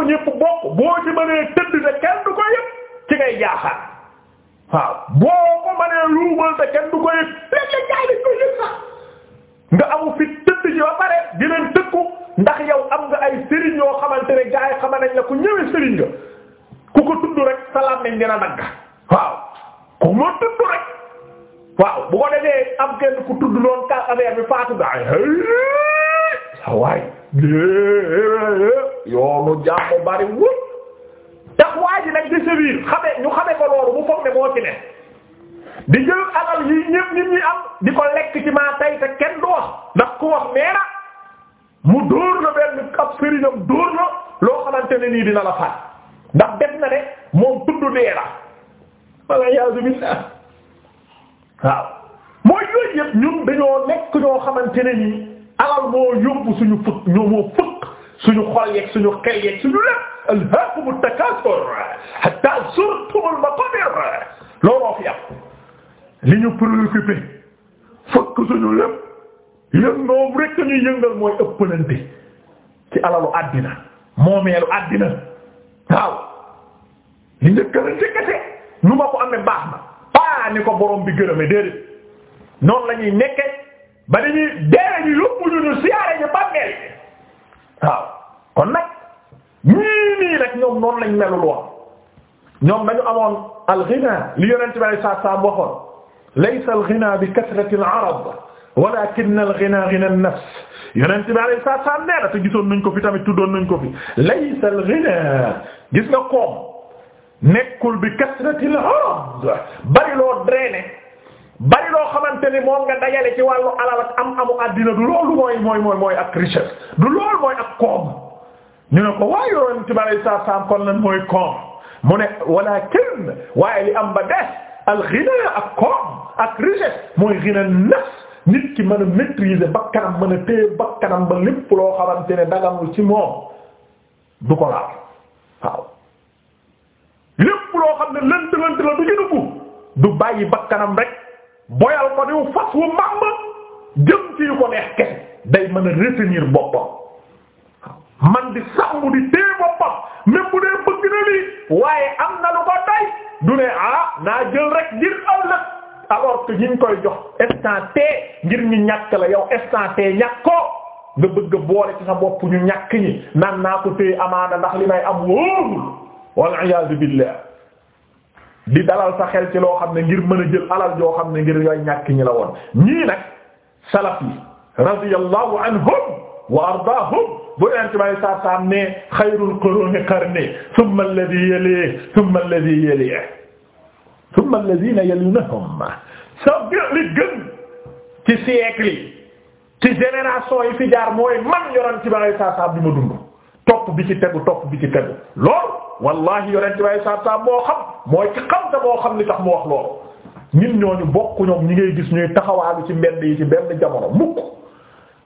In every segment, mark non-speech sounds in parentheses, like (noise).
ko ñëpp bokk boo ci mënee tëdd te kenn du ko yëpp ci ngay jaaxal waaw boo ko mënee luumal te kenn du ko yëpp nga amu fi tëdd ji ba pare dinañ tëkku ndax yow am nga ay sëriñ yoo xamante ne gaay xama nañ la ku ñëwee sëriñ nga ku ko tudd rek salaam nañ dina nagga waaw ku mu tudd rek waaw bu ko defee am kenn ku tudd noonu ka affaire bi faatu gaay sawaay yoonu jàmm bari wut tax waa ji nag di sévir xame ñu xame ko loolu bu foog ne moo ci ne di jël alal yi ñëpp nit ñi am di ko lekk ci maa tay te kenn du wax ndax ko wax nee na mu dóor na benn ab sëriñam dóor na loo xamante ne nii dina la faat ndax def na ne moom tudd dee la waaw mooy yooyu yëpp ñun dañoo nekk ñoo xamante ne nii alal moo yóbbu suñu fëkk ñoo moo fëkk suñu xol yeeg suñu xel yeeg suñu lépp alhaakumu takaasur hatta zurtumul maqaabir looloo fi am li ñu préoccupé fëkk suñu lépp yëng noom rek ñuy yëngal mooy ëppalante ci alalu àddina moomeelu àddina waaw li nga kërante kese nu ma ko amee baax na ko borom bi gërëme déedéet noonu lañuy nekke ba dañuy dee ñu yóbbu ñu ñu siyaare ñu bàmmeel waaw kon nag ñii nii rek ñoom noonu lañ melul woon ñoom dañu amoon al-ghina li yonent bi alayhi salaam waxoon laysa al-ghina bi kasrati al-arad walakin al-ghina ghina an-nafs yonent bi te gisoon nañ ko fi tamit tuddoon nañ ko fi laysa al-ghina nekkul bi kasrati al-arad bari loo bari loo xamante ni moom nga dajale ci wàllu alal ak am amu àddina du loolu mooy mooy mooy mooy ak richesse du loolu mooy ak koom ñu ne ko waaye yoon ci balay saa saam kon lan mooy koom mu ne walakin waaye li am ba des al ghina ak koom ak richesse mooy ghina nafs nit ki mën a maîtriser bakkanam mën a téye bakkanam ba lépp loo xamante ne dagamul ci moom du ko laal lépp loo xam ne lënt lënt la du ñu dugg du bàyyi bakkanam rek. boyal ko diw fas wu màmb jëm ci yu ko kese day mën a retenir boppam man di sàmm di téye boppam même dee bëgg na lii waaye am na lu ko day du ne ah naa jël rek ngir ëllëg alors que ñu koy jox instant T ngir ñu ñàkk la yow instant T ko nga bëgg boole ci sa bopp ñu ñàkk ñi naan naa ko téye amaana ndax li may am wóorul wal iyaazu billah di dalal sa xel ci loo xam ne ngir mën a jël alal joo xam ne ngir yooy ñàkk ñi la woon ñii nag salaf yi radiyallahu anhum wa ardaahum bu yonent bi alayhi salaatu salaam ne xayrul quruuni qarnii thumma alladhii yaliihi thumma alladhii yaliihi thumma alladhiina yaluunahum sa li gën ci siècle yi ci génération yi fi jaar mooy man yonent bi alayhi salaatu salaam bi ma dund topp bi ci tegu topp bi ci tegu loolu wallahi yonent bi ay saab saab moo xam mooy ci xam te moo xam li tax mu wax loolu ñun ñooñu bokk ñoom ñi ngay gis ñuy taxawaalu ci mbedd yi ci benn jamono mukk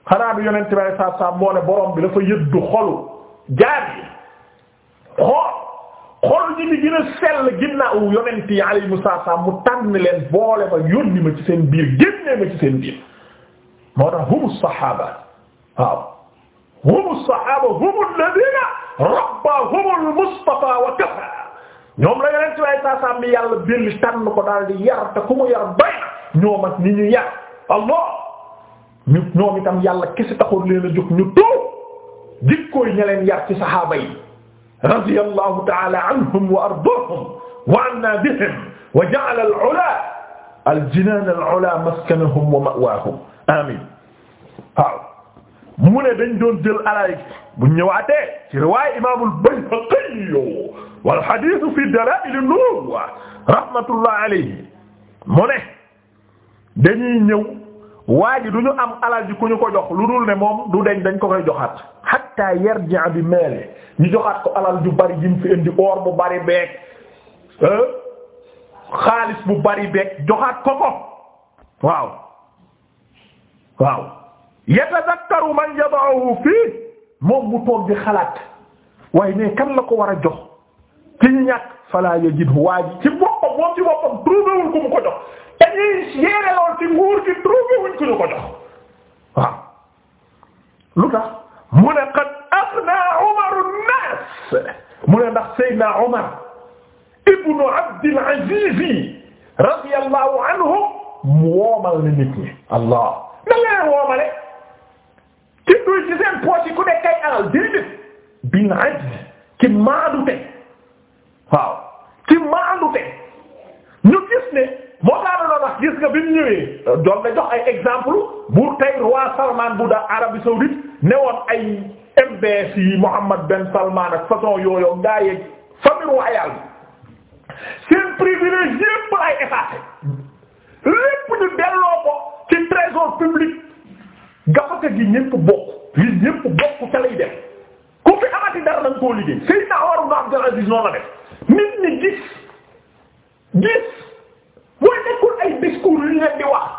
xanaa du yonent bi ay saab saab moo ne borom bi dafa yëddu xolu jaar yi xool xool ñi ni gën a sell ginnaaw yonent yi alayhimu salaam mu tànn boole ma yónni ma ci seen biir génnee ma ci seen biir moo tax humu saxaaba waaw humu saxaaba humu alladina rabbahum almustafa wa kafa ñoom la yeneen ci waaye saasaam bi yàlla belli tànn ko daal di yar te ku mu yar bay ñoom ak ni ñu yar allah ñu ñoom itam yàlla kese taxul leen a jóg ñu tuub jikkooy ña leen yar ci saxaaba yi radiyallahu ta'ala anhum wa ardaahum wa anna bihim wa ja'ala al-'ulaa al-jinaan al-'ulaa maskanahum wa ma'waahum amiin waaw mu ne dañ doon jël alal bu ñëwaatee ci riwaay imaamul Bayhaqi wal hadith fi dalaa'il an-nubuwwa rahmatullah mu ne dañuy ñëw waa ji du ñu am alal ji ku ñu ko jox lu dul ne moom du deñ dañ ko koy joxaat hatta yarji'a bi maali ñu joxaat ko alal ju bari jim fi indi or bu bari beek euh, xaalis bu bari beek joxaat ko ko waaw waaw yatadakkaru man yada'uhu fii moom mu toog di xalaat waaye ne kan la ko war a jox ci ñu ñàkk fala yajidhu waa ji ci boppam moom ci boppam trouvé wul ku mu ko jox te ñuy yéere lool ci nguur gi trouvé wuñ ku ñu ko jox waaw lu tax mu ne qad aghna Umaru an-naas mu ne ndax Seydina Umar ibnu Abdul Aziz radiyallahu anhu woomal na nit ñi Allah da leen woomale ki duy ci seen poche yi ku nekk ay alal bin ajz ci maandu te waaw ci maandu te ñu gis ne moo laa doon wax gis nga bi mu ñëwee doon na jox ay exemple bu tey roi Salman bu da Arabie ne woon ay MBS yi Mohammed Ben Salman ak façon yooyu ngaa yeeg famille royale seen privilège yépp ay effacé lépp ñu delloo ko ci trésor public gafaka gi ñépp bokk li ñépp bokk te lay def ku fi amati dara da nga koo liggéey Seydina Umar ibn Abdul Aziz noonu la def nit ñi gis gis mooy nekkul ay discours yu ñu leen di wax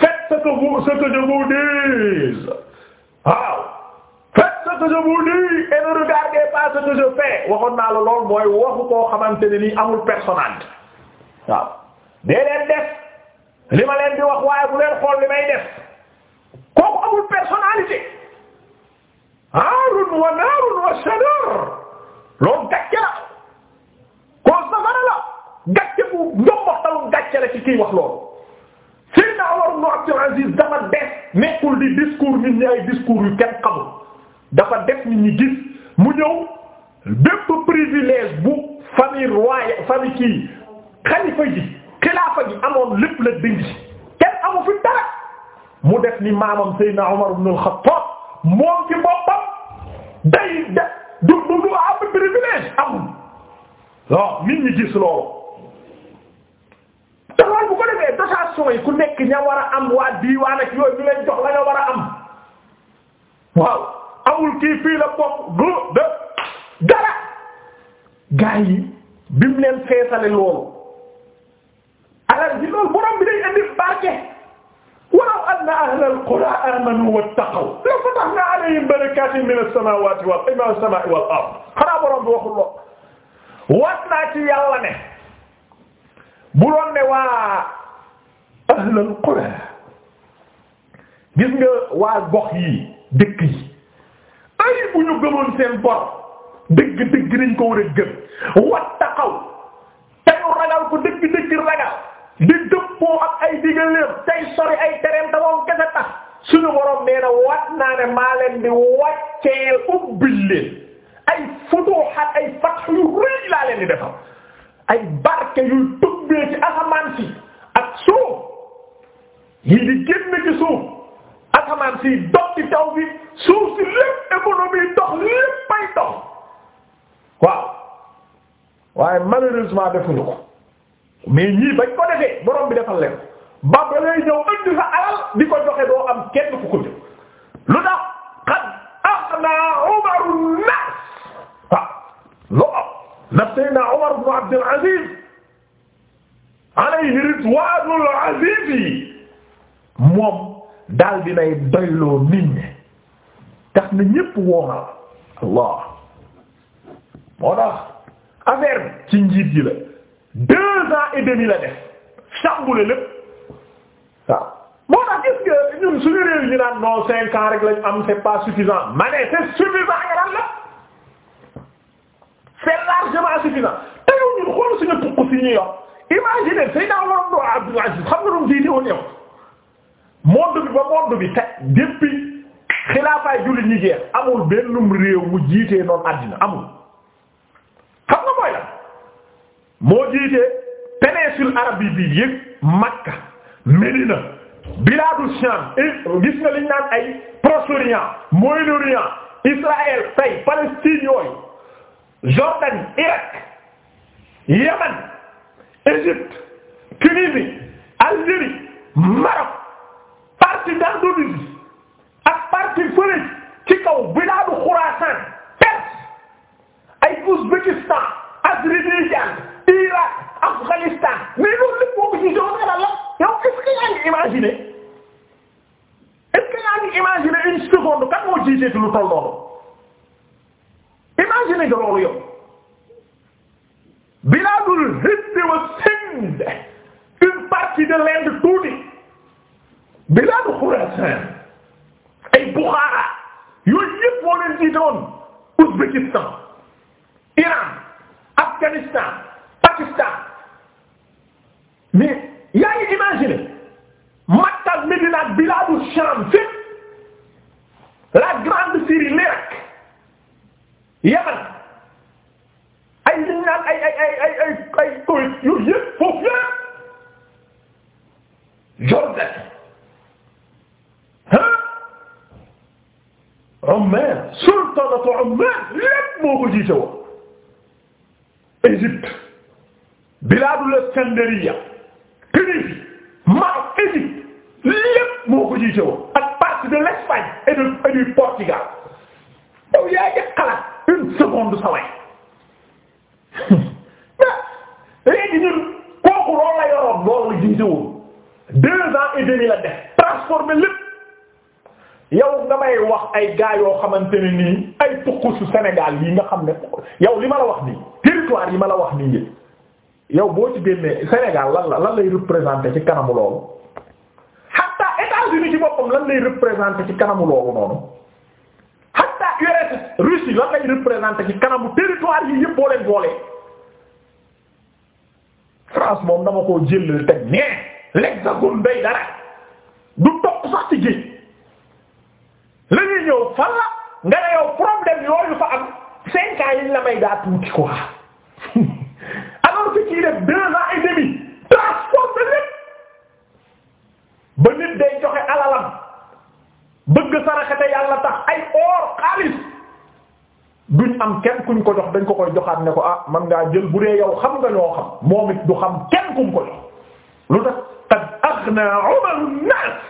faites ce que vous ce que je vous dis waaw faites ce que je vous dis et ne regardez pas naa la lool mooy waxu koo xamante ne nii amul personnalité waaw dee leen li ma leen di wax waaye bu leen li may def amul personnalité aarun wa naarun wa shadar loolu gàcce la gàcce bu njomboxtalu gàcce la ci kii wax loolu Seydina Umar ibn Abdul Aziz dafa def nekkul di discours nit ñi ay discours yu kenn xamul dafa def nit ñi gis mu ñëw bépp privilège bu famille royale famille xalifa ji xilaafa ji amoon lépp la dindi kenn amu fi dara mu def ni maamam Seydina Umar ibn al-Khattab moom ci boppam day de du du du am privilège amul waaw nit ñi gis loolu te loolu bu ko defee dotation yi ku nekk ña war a am waa diwaan ak yooyu ñu leen jox la ña war a am waaw amul kii fii la bopp du de dara gaa yi bi mu leen feesale loolu alal ji loolu borom bi day indi barke anna ahlal qura amanu wattaqaw la fatahna alayhim barakatin min as-samawati wal as-sama'i wal ard xanaa borom bi waxul lo waat naa ci yàlla ne waa ahlal qura gis nga waa gox yi dëkk ay bu ñu gëmoon seen bor dëgg dëgg nañ ko war a gëm wattaqaw ragal ko dëgg dëgg ragal digaleem tey sori ay tereem te moom kese tax suñu borom nee na wat naa ne maa leen di ubbil leen ay futuhat ay fatx yu rëy laa leen defal ay barke yuy tubbee ci asamaan si ak suuf yi di génn ci asamaan si dox ci taw bi suuf si lépp économie dox lépp ay dox waaw waaye malheureusement defuñu ko mais ñii bañ ko defee borom bi defal leen ba ba lay ñëw indi sa alal di ko joxe doo am kenn ku ko lu tax qad aghna Umar an-nas waaw lu am na Seydina Umar ibn Abd al-Aziz alayhi ridwanul aziz yi moom daal dinay doyloo nit ñi tax na ñépp woomal Allah moo tax affaire ci njiit yi la deux ans et demi la def chamboulé lépp waaw moo tax gis nga ñun suñu réew ñu naan non cinq ans rek lañ am c'est pas suffisant ma ne c'est suffisant garan la c'est largement suffisant te xool suñu tukk si ñuy wax imagine Seydina Omar ibn Abdul Aziz xam nga doon jiite woon yow monde bi ba monde bi teg depuis xilaafaay jullit ñi jeex amul bennum réew mu jiitee noonu àddina amul xam nga mooy la moo jiitee péninsule arabi bi yëg Makka Médina biladu Sham gis nga liñ naan ay Proche-Orient Moyen-Orient Israël tay Palestine yooyu Jordanie Irak Yémen Égypte Tunisie Algérie Maroc ak partie fële ci kaw biladu Khurasan Perse ay Ouzbékistan Azerbaïdjan Irak Afghanistan mais loolu lépp boo ko ci jox la yow est-ce que yaa ngi imaginer est-ce yaa ngi imaginer une seconde kan moo jiite lu toll noonu imaginer nga loolu yow bilaadul Hind wa Sind une partie de l'Inde tuuti bilaadu ay Bukhara yooyu yëpp moo leen jiite woon Ouzbékistan deux ans et demi la def transformé lépp yow nga may wax ay gaa yoo xamante ne nii ay tukkusu Sénégal yi nga xam ne yow li ma wax ni territoire yi ma la wax nii ngeen yow boo ci génnee Sénégal lan la lan lay représenter ci kanamu loolu hatta États-Unis ci boppam lan lay représenter ci kanamu loolu noonu hatta URSS Russie lan lay représenter ci kanamu territoire yi yëpp boo leen boole France moom dama koo jël teg nee. l'hexagone day dara du topp sax ci géej la ñuy nga ne yow problème yooyu fa am cinq ans yi la may daa tuuti quoi (laughs) alors que kii def deux ans et demi transformé lépp ba nit day joxe alalam bëgg saraxate yàlla tax ay or xaalis duñ am kenn kuñ ko jox dañ ko koy joxaat ne ko ah man ngaa jël bu dee yow xam nga ñoo xam moom it du xam kenn kuñ ko jox lu tax axna Umar an-naas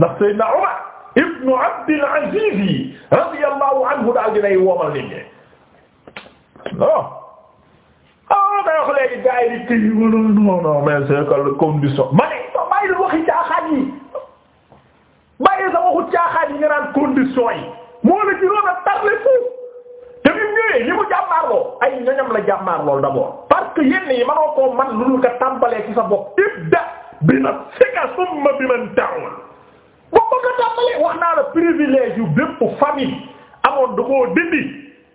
ndax Seydina Umar ibnu Abdul Aziz radiyallahu anhu daal dinay woomal nit ñi non ah day wax léegi gars yi di tëj non non non mais c'est que condition ma ne ma bàyyi la waxi caaxaan yi bàyyi sa waxu caaxaan yi nga naan condition moo la ci doon a tarle foofu te bi mu ñëwee ñi mu jàmmaarloo ay ñoñam la jàmmaarloo d'abord parce que yenn yi manoo koo man lu dul ka tàmbalee ci sa bopp ibda bi nafsika summa bi man ta'ul boo ko nga tàmbalee wax naa la privilège yu bépp famille amoon da koo dindi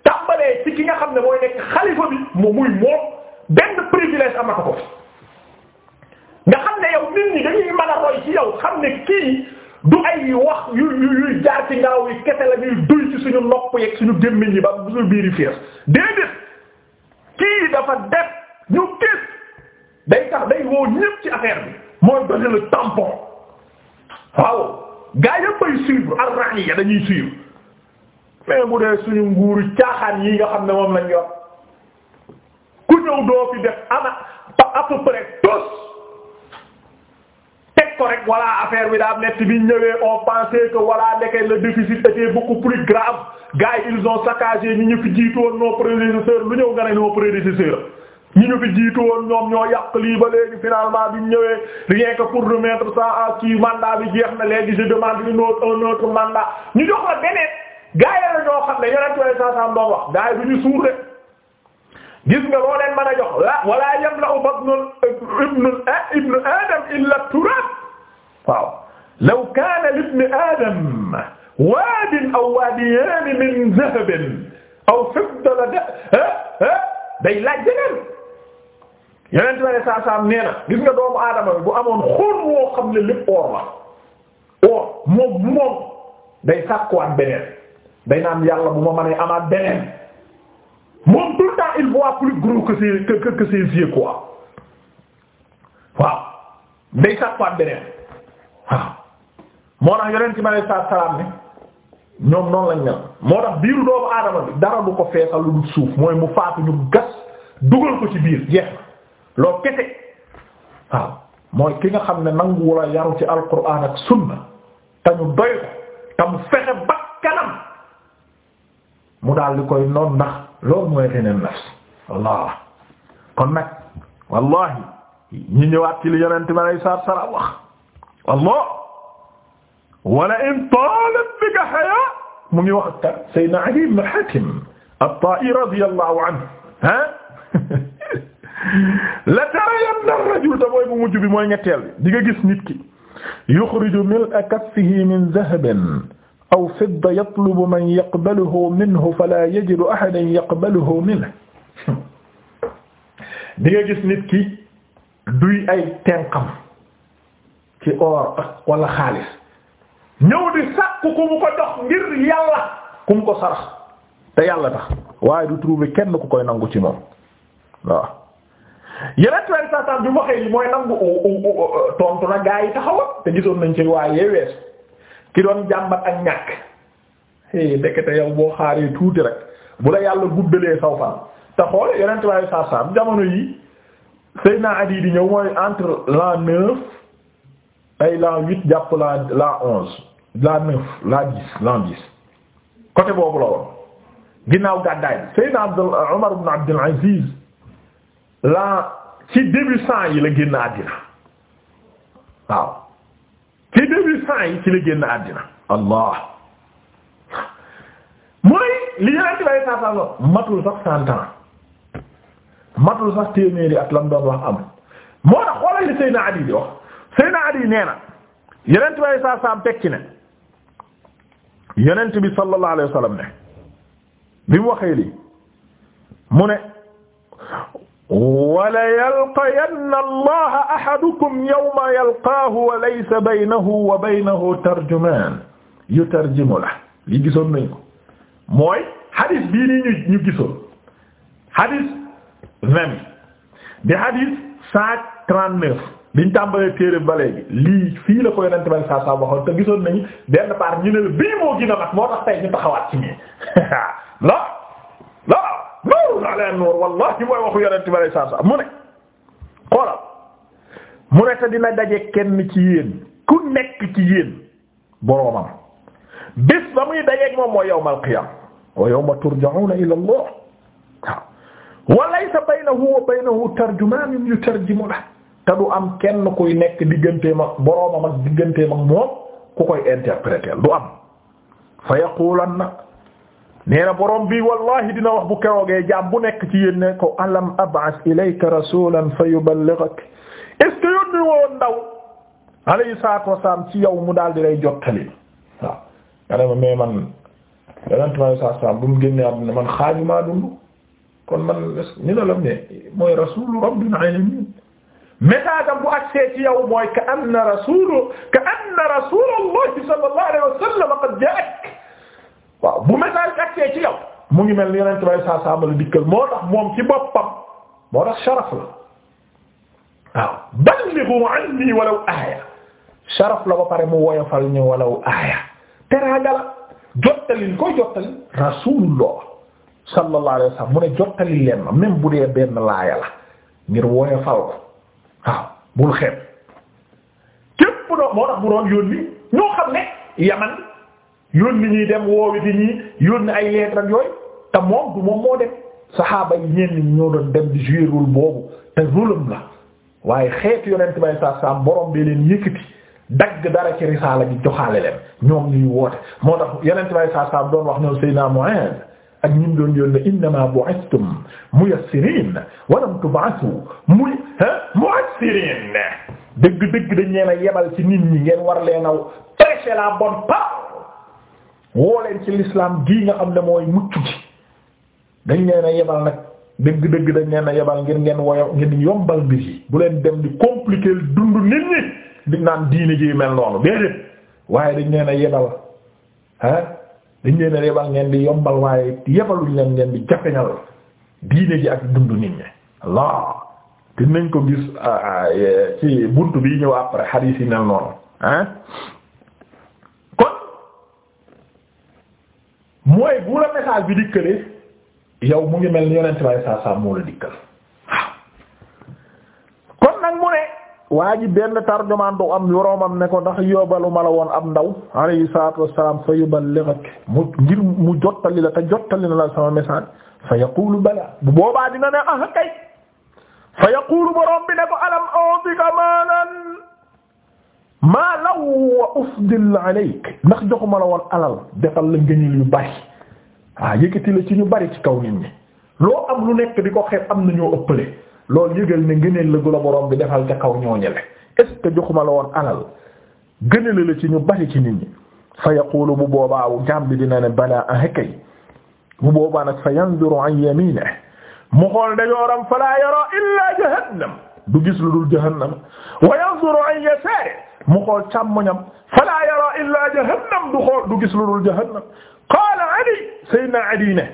tàmbalee ci ki nga xam ne mooy nekk xalifa bi mu muy moom benn privilège amata ko nga xam ne yow nit ñi dañuy mën a roy ci yow xam ne kii du ay wax yu yuy jaar ci ngaaw yi kese la duy ci suñu nopp yeeg suñu gémmiñ yi ba suñu biir yi fees déedéet kii dafa def ñu gis day tax day woo ñépp ci affaire bi mooy donner le tampon waaw gaa yëpp ay suivre arran yi dañuy suivre mais bu dee suñu nguuru caaxaan yi nga xam ne moom lañ yor ku ñëw doo fi def ama à peu près tous teg ko rek voilà affaire bi daa metti bi ñëwee on pensait que voilà ndeke le déficit était beaucoup plus grave gars yi ils ont saccagé ni ñu fi jiitoon nos prédécesseurs lu ñëw nga ne nos ñi ñu fi jiitu woon ñoom ñoo yàq lii ba léegi bi ñu ñëwee rien jeex na léegi je demande une ñu jox la beneen gaa yi la a xam ne yonent way sa ñu suur gis nga loo leen mën a jox la wala yamla'u batnul ibnu eh, ibnu adam illa turab waaw law kana libni adam waadin aw waadiyani min dhahabin aw fidda la eh, eh, day laaj yeneen ci wàllu saa saa nee gis nga doomu aadama bi bu amoon xóot woo xam ne lépp or la or moom moom day sàkkuwaat beneen day naan yàlla bu ma mënee amaat beneen moom tout le temps il voit plus gros que ses que que ses yeux quoi waaw day sàkkuwaat beneen moo tax yeneen ci wàllu saa salaam ne ñoom noonu lañ ñor moo tax biiru doomu aadama bi dara du ko feesal lu dul suuf mooy mu faatu gas dugal ko ci biir jeex loo kese waaw mooy ki nga xam ne nanguwula yaru ci alquran ak sunna te ñu doy ko mu fexe bakkanam mu daal di koy noon ndax loolu mooy reneen nafs allah kon nag wallahi ñi ñëwaat ci li yonent bi alayhi salaatu salaam wax allah wala in talat bika hayaa mu ngi wax ak sayyidina Ali ibn Hatim at-Ta'i radiyallahu anhu ha (laughs) la tarayanna ar-rajul te mooy bu mujj bi mooy ñetteel bi di ga gis nit ki yuxriju mil'a kaffihi min dahabin aw fidda yatlubu man yaqbaluhu minhu nit ki duy ay xaalis ñëw di sàkk ku mu ko jox ngir yàlla ku mu ko sarax te yàlla tax waaye du trouver kenn ku koy nangu ci moom yeneen tuwaayu saataan bi mu waxee mooy nangu tontu na gaa yi taxawa te gisoon nañ ci waaye yee weesu ki doon jàmbat ak ñàkk hey ndekete yow boo xaaree tuuti rek bu la yàlla guddalee saw fan te xool yeneen tuwaayu saataan jamono yi Seydina Adi di ñëw mooy entre l'an neuf ay l'an huit jàpp la l'an onze l'an neuf l'an dix l'an dix côté boobu la woon ginnaaw gàddaay Seydina Abdul Umar ibn Abdul Aziz la ci début cent yi la génn àddina waaw ci début cent yi ci la génn àddina allah mooy li ñu ci saa saa matul sax cent matul sax téeméeri at lam doon wax am moo tax xoolal li Seydina Adi di wax Seydina Adi nee na yonent bi alayhi salaam tekki ne yonent bi sallallahu alayhi wa ne bi mu waxee lii mu ne wala yalqayanna allaha ahadukum yawma yalqaahu wa laysa baynahu wa baynahu tarjumaan yutarjimu la li gisoon nañ ko mooy hadith bii nii gisoon hadith vingt di hadith cent trente neuf liñ tàmbalee téere balee bi lii fii la ko yonente bale saa saa waxoon te gisoon nañu benn part ñu ne bii moo gën a moo tax tey ñu taxawaat ci (laughs) nuurun ala nuur wallahi mooy waxu yonent bi alayhi salaam mu ne xoolal mu ne te dina daje kenn ci yéen ku nekk ci yéen boroomam bis ba muy dajeeg moom mooy yawmal qiyaam wa yawma turja'uuna ila Allah la laysa baynahu wa baynahu tarjumaanun yutarjimu lahu te du am kenn kuy nekk digganteem ak boroomam ak digganteem ak moom ku koy interpréter du am fa yaqulanna nee na borom bi wallahi dina wax bu keroogee jaam bu nekk ci yéen ne ko alam ab'as ilayka rasulan fa yuballighak est-ce que yónni woon ndaw alayhi salaatu wasalaam ci yow mu daal di lay jottali waaw nga ne ma mais man yonent ma saa saa bu mu génnee àdduna man xaaju maa dund kon man ñu ne la ne mooy rasuulu rabbil alamin message bu agsee ci yow mooy ka anna rasuulu ka anna rasuulullahi sallallahu alayhi wa sallam qad jaa'ak waaw bu message accès ci yow mu ngi mel ni yonent bay saa saa mala dikkal moo tax moom ci boppam moo tax sharaf la waaw ballighu anni walaw aaya sharaf la ba pare mu woyofal ñu walaw aaya teraanga la jottalil koy jottalil rasulullah sallallahu alayhi wasallam mu ne jottalil leen ma même bu dee benn laaya la ngir woyofal ko waaw bul xeeb képp moo tax bu doon yónni ñoo xam ne yaman yónni ñuy dem woowi di ñii yónni ay lettre yooyu te moom du moom moo dem saxaaba yi ñenn ñi ñoo doon dem di jouer rôle boobu te rôlam la waaye xeet yonent bay sa sam borom bee leen yëkkati dagg dara ci risaala bi joxaale leen ñoom ñuy woote moo tax yonent bay sa sam doon wax ñoom Seydina Mu'aaz ak ñi doon yónne innama bu'ithtum muyassirin wa lam tub'athu muy mu'assirin dëgg dëgg dañ leen a yebal ci nit ñi ngeen war leen a prêcher la bonne parole woo leen ci l'islam gii nga xam ne mooy mucc gi dañ leen yebal nag dëgg-dëgg dañ leen a yebal ngir ngeen woyo ngeen yombal mbir yi bu leen dem di compliquer dund nit ñi di naan diine ji mel noonu déedéet waaye dañ leen a yebal ah dañ leen yebal ngeen di yombal waaye yebaluñ leen ngeen di jafeñal diine ji ak dund nit ñi Allah te nañ ko gis ah, ah, ci bunt bi ñëw après hadith yi mel noonu ah mooy bu la message bi dikkalee yow mu ngi mel ni yonent baay saa moo la dikkal waaw kon nag mu ne waa benn tarjumaan am yoroomam ne ko ndax yóbbalu ma la woon ab ndaw alayhi salaatu wassalaam fa yuballighak mu ngir mu jottali la te jottali na la sama message fa yaqulu bala boobaa dina ne ah kay fa yaqulu borom bi ne ko alam a'tika malan aw wa la alayk ndax joxuma la woon alal defal la ngënil yu bari waa yëkkati ci ñu bari ci kaw nit ñi loo am lu nekk di ko xeeb am na ñoo ëppale loolu yëgal ne ngëneel la gu la borom bi defal ca kaw ñooñele est-ce joxuma la woon alal gënale ci ñu bari ci nit ñi fa yaqulu bu boobaa jaam bi dina ne balaa ahakay bu boobaa nag fa yanzuru an yaminihi mu xool ndeyooram fala yara illa jahannam du gis lu dul jahannam wa yanzuru an yasaari mu xool càmmoñam fala yara illaa jahannam du xool du gis lu dul jahannam qaala ali sayyidina ali ne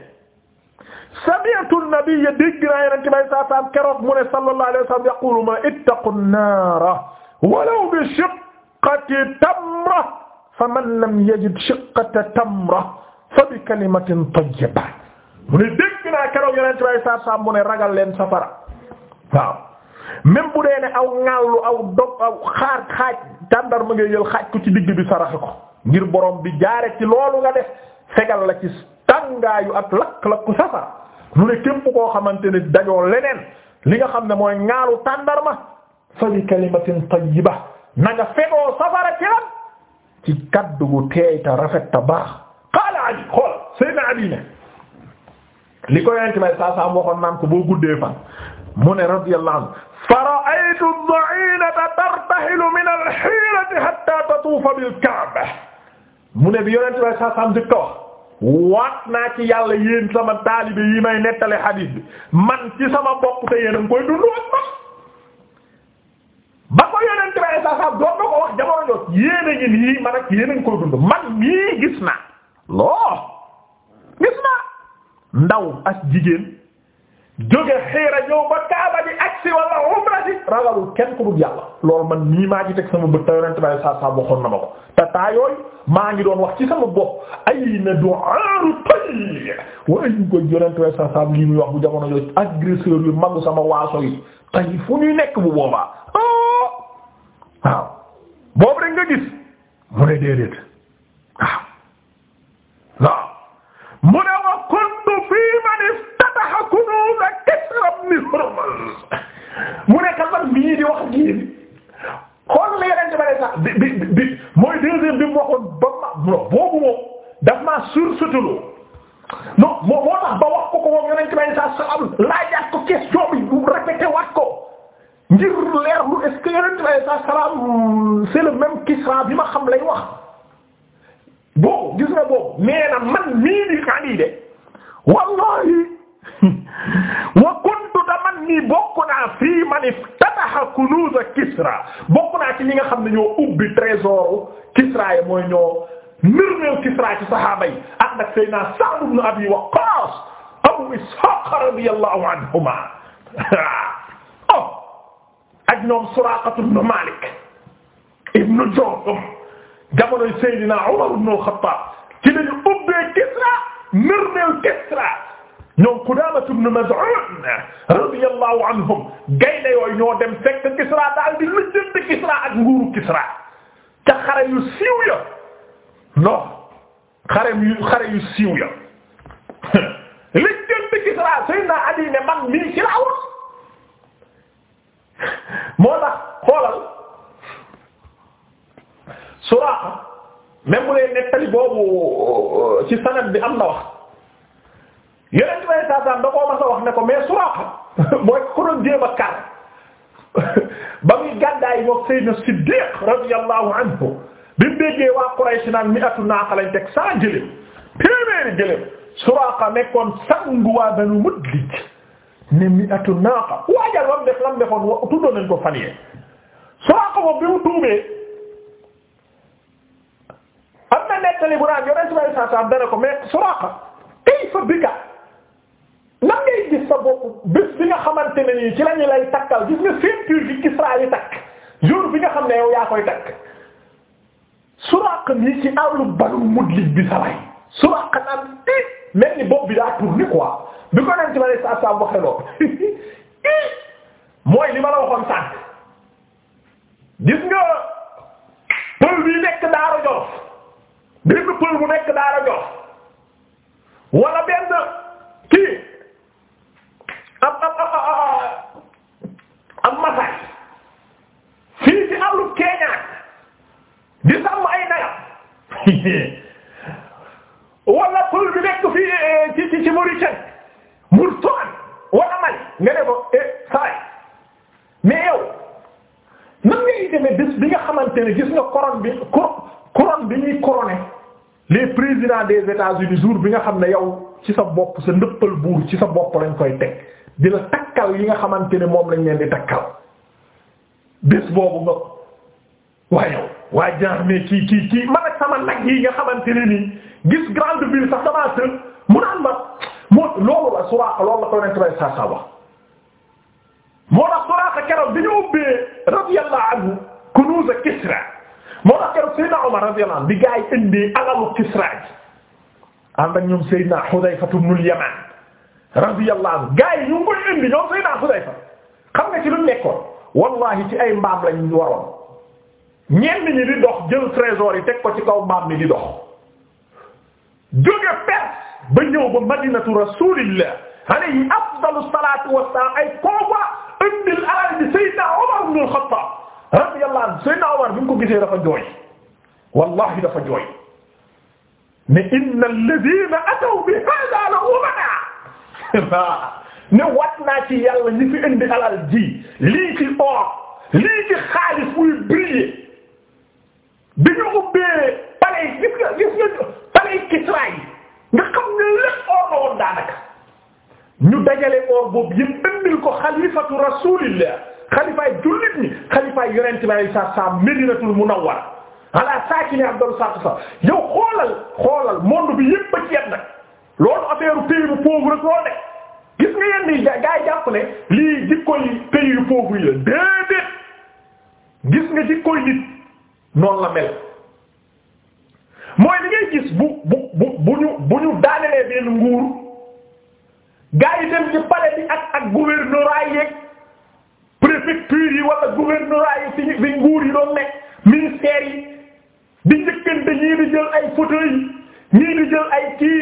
sami'tu an-nabiyya dégg naa yenente bay saa saam keroog mu ne sallallahu alayhi wa sallam yaqulu ma ittaqu an-naara walaw bi shiqqati tamra faman lam yajid shiqqata tamra fa bi kalimatin tayyiba mu ne dégg naa keroog yenente bay saa saam mu ne ragal leen safara waaw même bu dee ne aw ŋàllu aw dog aw xaar xaaj tàndar ma ngay xaaj ko ci digg bi saraxe ko ngir borom bi jaare ci loolu nga def fegal la ci tàngaayu ak lakk-lakku safara mu ne képp koo xamante ne dajoo leneen li nga xam ne mooy ŋaalu tàndarma fa bi kalimatin tayyiba na nga fegoo safara ci lan ci kaddu teey ta rafet ta baax qaala ali xool sayyidina ali li ko yonent may saa waxoon naan ko boo guddee fan mu ne radiyallahu فرأيت الضعينة ترتحل من الحيرة حتى تطوف بالكعبة mu bi yonent bi saa saam njëkk a wax waat naa ci yàlla yéen sama taalibe yi may nettale xadiis bi man ci sama bopp te yéen a ngi koy dund ak man ba ko yonent bi saa saam doon na ko wax jamono jot yéen a ngi nii man ak yéen koy dund man mii gis naa loo gis ndaw as jigéen. jóge xiira ñëw ba kaaba di agsi wala umra si ragalul kenn ku dul yàlla loolu man nii maa ci teg sama bët te yonent bay saa saa waxoon maa ngi doon wax ci sama bopp ay na du'aaru tayy waaye yu magu sama waaso yi nekk bu boobaa ah! waaw boobu rek nga fii manis mu nekk man bii wax kii bi xool la yeneen ba ne sax bi bi bi mooy deuxième bi mu ma boobu moom daf maa sursutuloo non moo moo tax ba wax ko ko moom yeneen ba ne sax sa am laajaat ko question bi bu répété waat ko ngir leer lu est-ce que yonent bi ma xam lay wax boobu gis nga boobu nee man mii di de wallahi (laughs) wa kuntu daman nii bokk naa fii man iftataha kunuz Kisra bokk naa ci ñi nga xam ne ñoo ubbi trésor Kisra yi mooy ñoo nërmeew Kisra ci saxaaba yi ànd ak Seydina Sa'd ibn Abi Waqqas Abu Ishaq radiyallahu anhuma (laughs) oh ak ñoom Suraqa ibn Malik ibn Jurhum jamonoy Seydina Umar ibn al-Khattab ci lañu ubbee Kisra nërmeew Kisra ñoom Qudaama ibn Maz'un radiyallahu anhum gaynde yooyu ñoo dem fekk Kisra daal di lëjënd Kisra ak nguuru Kisra ca xare yu siiw ya non xare yu xare yu siiw ya (laughs) lëjënd Kisra Seydina Ali ne man mii ci laa wax (laughs) moo tax xoolal Suraaqa même boobu ci sanad bi am na yeneen ci may saasaam da koo mas a wax ne ko mais Suraaqa (laughs) mooy ku doon jéem a kar (laughs) ba muy gàddaay moom Seydina Siddiq radiyallahu anhu bi mu déggee waa Quraysh naan mi atu naaqa lañ teg saa jëlem téeméeri jëlem Suraaqa nekkoon sangu waa Banu Mudlij ne mi atu naaqa waajal wam def lam defoon wa tuddoon nañ ko fan yee Suraaqa moom bi mu tuubee am na nettali bu naan yeneen ci may saasaam dana ko mais Suraaqa kayfa bika gis sa bopp bi nga xamante ne nii ci lañu lay takkal gis nga ceinture bi Kisra yi takk jour bi nga xam ne yow yaa koy takk Suraaqa mi ci awlu Banu Mudlij bi sa waay Suraaqa naan tiit mel ni bopp bi daa tourné quoi bi ko naan ci ma ne saa saa waxee lool (laughs) mooy li ma la waxoon sànq gis nga pël bi nekk Daara Jolof benn pël bu nekk Daara Jolof wala benn kii. ab ab ab masaay fii di sàmm ay nagam (laughs) wala pël nekk fii eh, ci ci ci Mauritanie Mauritanie wala Mali nga ne ko eh, saay mais yow nan ngay demee bi nga xamante ne gis nga couronne bi couronne bi ñuy couronner les présidents des États-Unis jour bi nga xam ne yow. ci sa bopp sa ndëppal ci sa bopp lañ koy teg di la takkal yi nga xamante ne moom lañ leen di takkal bés boobu nga waaye waa jaar ne kii kii kii man ak sama yi nga xamante ni nii gis grande ville sax sama mu naan ma moo loolu la Suraaqa loolu la ko nekk bay saa saa wax moo tax Suraaqa keroog bi ñu ubbee radiyallahu anhu moo tax keroog Seydina Omar radiyallahu anhu bi gaa yi indee alalu Kisra ànd ak ñoom Seydina Hudayfatu ibnul Yaman radiyallahu anhu gaa yi ñu ngi koy indi ñoom Seydina Hudayfa xam ci lu nekkoon wallahi ci ay mbaam lañ waroon ñenn ñi di dox jël trésor yi teg ko ci kaw mbaam mi di dox jóge Perse ba ñëw ba madinatu rasulillah alayhi afdalu salatu ay koowa indil alal bi Seydina Omar ibn al-Khattab radiyallahu anhu Seydina Omar bi ko gisee dafa jooy wallahi dafa jooy ne inna alladhina ataw bi hadha la (laughs) ci yàlla xaalis muy briller bi ñu ubbee palais gis nga gis nga palais Kisra yi nga xam ne lépp or la woon daanaka ñu dajale or boobu yëpp indil ko xalifatu rasulillah xalifaay jullit ñi xalifaay yonent bi sallallahu alayhi wasallam ala saakini abdal sàtt sax yow xoolal xoolal monde bi yëpp ba ci yem nag loolu affaire pays bu rek loolu nekk gis nga yenn yi gaa yi lii jikko yi pays yu pauvre yi la déedéet gis nga jikko yi nit la mel mooy li gis bu bu bu bu ñu bu ñu daanelee benn nguur gaa yi dem ci ak ak gouvernorat yeeg préfecture yi wala gouvernorat yi fi nguur yi doon nekk ministère yi di njëkkante ñii di jël ay fauteuils ñii di jël ay kii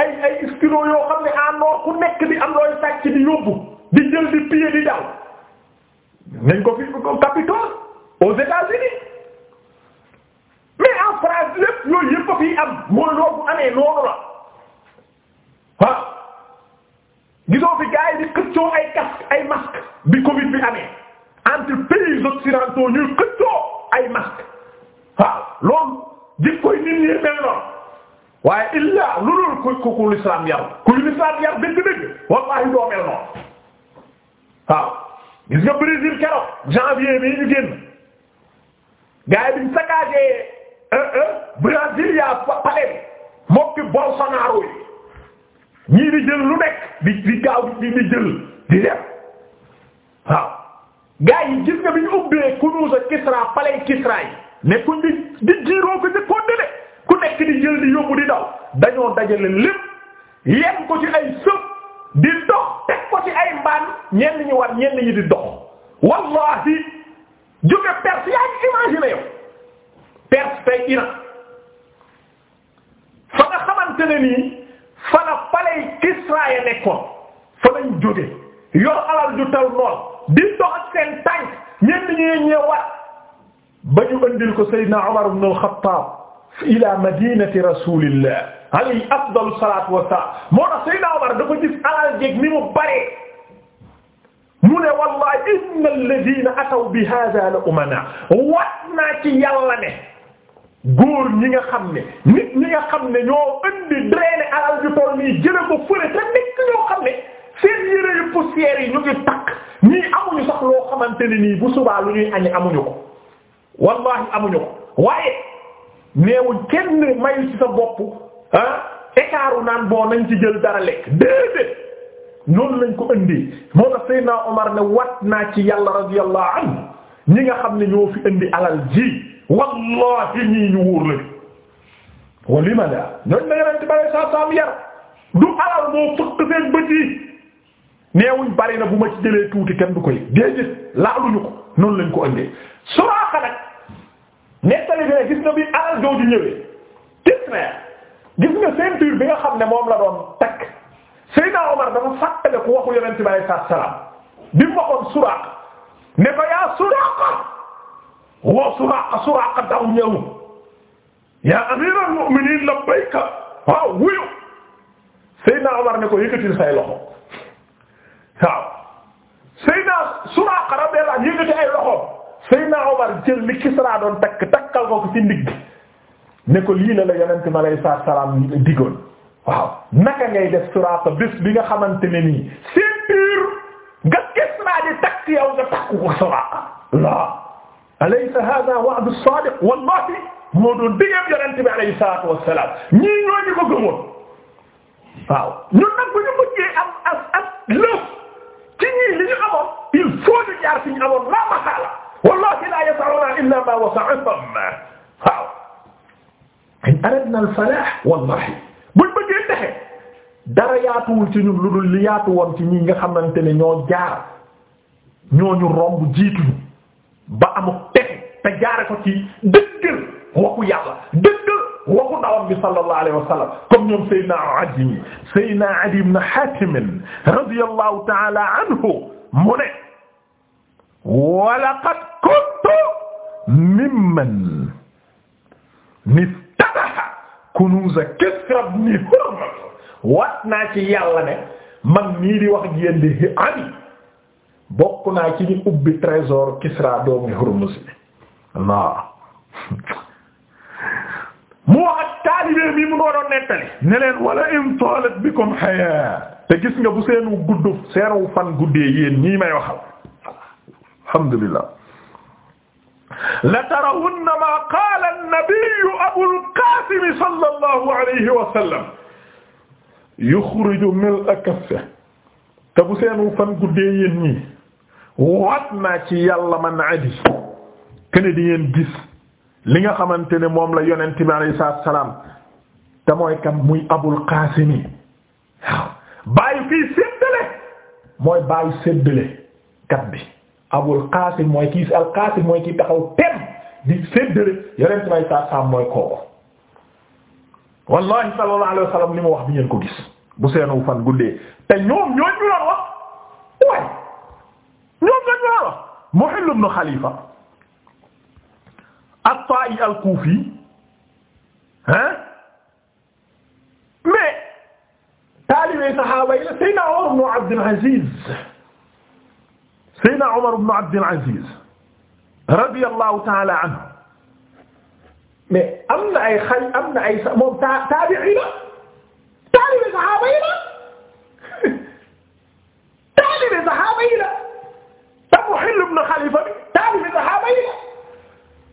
ay ay stylo yoo xam ne en ku nekk di am looy di yóbbu di ko fi fi am mooy loo noonu la waaw gisoo fi gars di xëccoo ay casque bi Covid bi amee entre pays occidentaux ñuy xëccoo ay masque waaw loolu di koy nit ñi mel noonu waaye illaa lu loolu ku ku lislaam yar kuy lislaam yar dëgg mel noonu waaw gis nga Brésil keroog janvier bi ñu génn gars yi biñ saccagé euh, euh, Brésil pale bi mokki Bolsonaro yi ñii di jël lu nekk di di gaaw di di jël di gis nga bi ñu ubbee Kunuz ak Kisra palais Kisra yi nekkuñ di di jiiroo ko di kontine ku nekk di jël di yóbbu di daw dañoo dajale lépp yem ko ci ay sëf di dox teg ko ci ay mbaan ñenn ñi war ñenn ñi di dox wallahi jóge Perse yaa ngi imaginer yow Perse tey Iran fa nga xamante nii fa la palais nekkoon fa jóge yor alal ju tal noon di dox ak seen tànk ñenn ñi ñëwaat ba ñu andil ko Seydina Umar ibn al-Khattab ila madinati rasulillah alayhi afdalu salatu wassalam moo tax Seydina Umar dafa gis alal jeeg ni mu bare mu ne wallahi inna alladhina ataw bi hadha la umana wat naa ci yàlla ne ñi nga xam ne ñi nga xam ne ñoo indi drainer alal ju toll nii jële ko fële te nekk ñoo xam ne ñu ngi takk ñii amuñu sax loo xamante ne nii bu subaa lu ñuy amuñu wallahi amuñu ko waaye neewuñ kenn mayu ci sa bopp ah écartu naan boo nañ ci jël dara lekk déedéet noonu lañ ko indi moo tax Seydina Omar ne wat naa ci yàlla radiyallahu anhu ñi nga xam ne ñoo fi indi alal ji wallahi ñii ñu wóor lañu walima la ñooñ na yeneen ci bare saa saam yar du alal moo fëkk seen bët yi neewuñ bari na bu ma ci jëlee tuuti kenn du koy déedéet laaluñu ko noonu lañ ko indee suraaxa nag nettali bi ne gis nga bi alal jooju ñëwee gis na gis nga ceinture bi nga xam ne moom la doon takk Seydina Omar dafa fàttale ku waxu yonent bi alayhi salaatu salaam bi mu waxoon Suraaqa ne ko yaa Suraaqa wa Suraaqa Suraaqa daw ñëw yaa amiiral mu'miniin labbayka waaw wuyu Seydina Omar ne ko yëkkatil say loxo waaw Seydina Suraaqa radiyallahu yëkkati ay loxo Seydina Omar jël li Kisra doon takk takkal ko ko ci ndigg ne ko lii la la yonent mi alayhi salaam digoon waaw naka ngay def suraaka bés bi nga xamante ne nii ceinture nga Kisra di takk yow nga takku ko suraaka la alaysa hada wa'du sadiq wallahi moo doon digeem yonent bi alayhi salaatu wassalaam ñii ñoo ñu ko gëmoon waaw ñun nag bu ñu bëggee am as as lëf ci ñii li ñu amoon il faut ñu jaar fi ñu amoon la maxaala wallahi la yas'una illa ma wasa'ahum waaw in aradna al-falah wallahi buñ bëggee texe dara yaatuwul ci ñun lu dul li yaatu woon ci ñi nga xamante ne ñoo jaar ñooñu romb jiituñu ba amuk texe te jaare ko ci dëggal waxu yàlla dëggal waxu ndawam bi sallallahu alayhi wa sallam comme ñoom Seydina Adi Seydina Adi ibn Hatim radiyallahu ta'ala anhu mu ne walaqad kuntu mimman niftataha kunuza kisra ibn hurmuz wat naa ci yàlla ne man nii di wax yéen di ami bokk naa ci di ubbi trésor kisra doomu hurmuz Allah mu wax ak taalibe bi mu ngi doon nettali ne leen wala in talat bikum hayaa te gis nga bu seenu gudd seenu fan guddee yéen ñii may waxal. alhamdulillah la tarawunna ma qaala an-nabiyyu abul qaasim sallallahu alayhi wa sallam yuxriju mil'a kaffihi te bu seenu fan guddee yéen ñi waat naa ci yàlla man adi kene di ngeen gis li nga xamante ne moom la yonent bi alayhi salaatu salaam te mooy kam muy abul qaasim yi waaw bàyyi fii séddale mooy bàyyi séddale kat bi abul qaasim mooy kii al mooy kii taxaw tem di séddale yeneen may saa saam mooy kooku wallahi sallallahu alayhi wa li mu wax bi ngeen ko gis bu seenu fan guddee te ñoom ñooñ ñu doon wax waaye ñoom ñooñ al-Kufi hein mais taalibee saxaaba yi la Seydina Umar ibn Abdul Aziz Seydina Omar ibn Abdul Aziz radiyallahu ta'ala anhu mais am na ay xay am na ay moom taa taabi'i la taalibe saxaaba yi la (laughs) taalibe saxaaba yi la te Muhill ibn Xalifa bi taalibe saxaaba yi la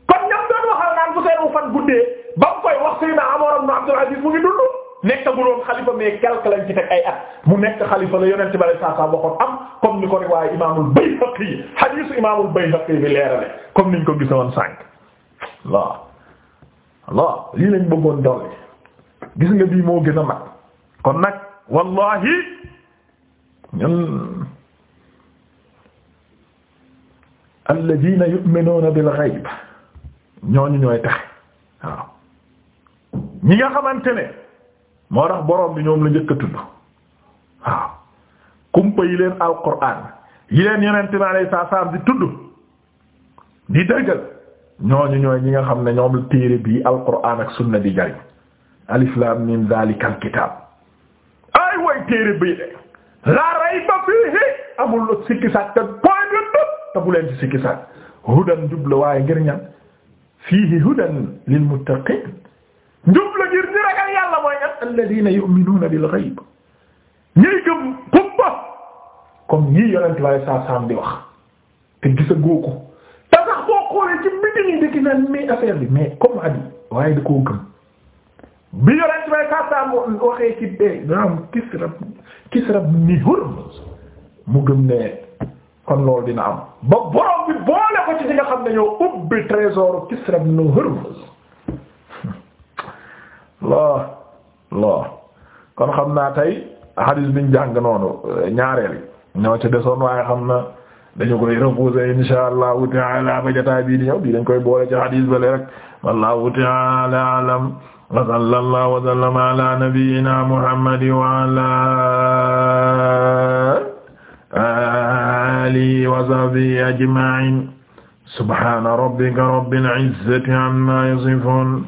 kon ñam doon waxal naan bu seen fan guddee ba mu koy wax Seydina Omar ibn Abdul Aziz mu ngi dund. nekkaguloon xalifa mais quelque lañ ci teg ay at mu nekk xalifa la yonent bi sallallahu alayhi wasallam waxoon am comme ni ko riwaaya imaamul Bayhaqi hadiisu imaamul Bayhaqi bi leerale comme niñ ko gisoon sànq waaw lii lañ bëggoon dolli gis nga bii moo gën a mag kon nag wallahi ñun alladina yu'minuna bil ghaib ñooñu ñooy tax waaw ñi nga xamante ne moo tax borom bi ñoom la njëkk a tudd waaw kumpa yi leen alquran yi leen yonent bi alayhi salaam di tudd di dëggal ñooñu ñooy ñi nga xam ne ñoom la téere bii alquran ak sunna di jariñ alif lam mim zalikal kitab ay way téere bii de la rayba fiihi amul sikki sàkk te point de dot te leen ci sikki sàkk hudan jubla waaye ngir ñan fiihi hudan lil muttaqin alladina yu'minuuna bil ghayb ñuy gëm xubba comme ñii yonent lay saa saam di wax te gisa gooku te sax boo xoolee ci mbiti nii di gis naan mais bi mais comme adi waaye da koo gëm bi yonent lay saa waxee ci dee eh, naam Kisra Kisra ni Hurmuz mu gëm ne kon loolu dina am ba borom bi boole ko ci ñi nga xam ne ñoo ubbi trésor Kisra ibn Hurmuz Allah (laughs) lool kon xam naa tey hadis biñ jàng noonu ñaareel ñoo ci desoon waaye xam na dañu koy reposer insha allahu taala ba jotaay bii di ñëw bii dañ koy boole ci hadis bale rek wallahu taala alam wa sallallahu wa sallama ala nabiyyina muhammadin wa ala alihi wa sahbihi ajma'in subhana rabbika rabbil izzati amma yasifun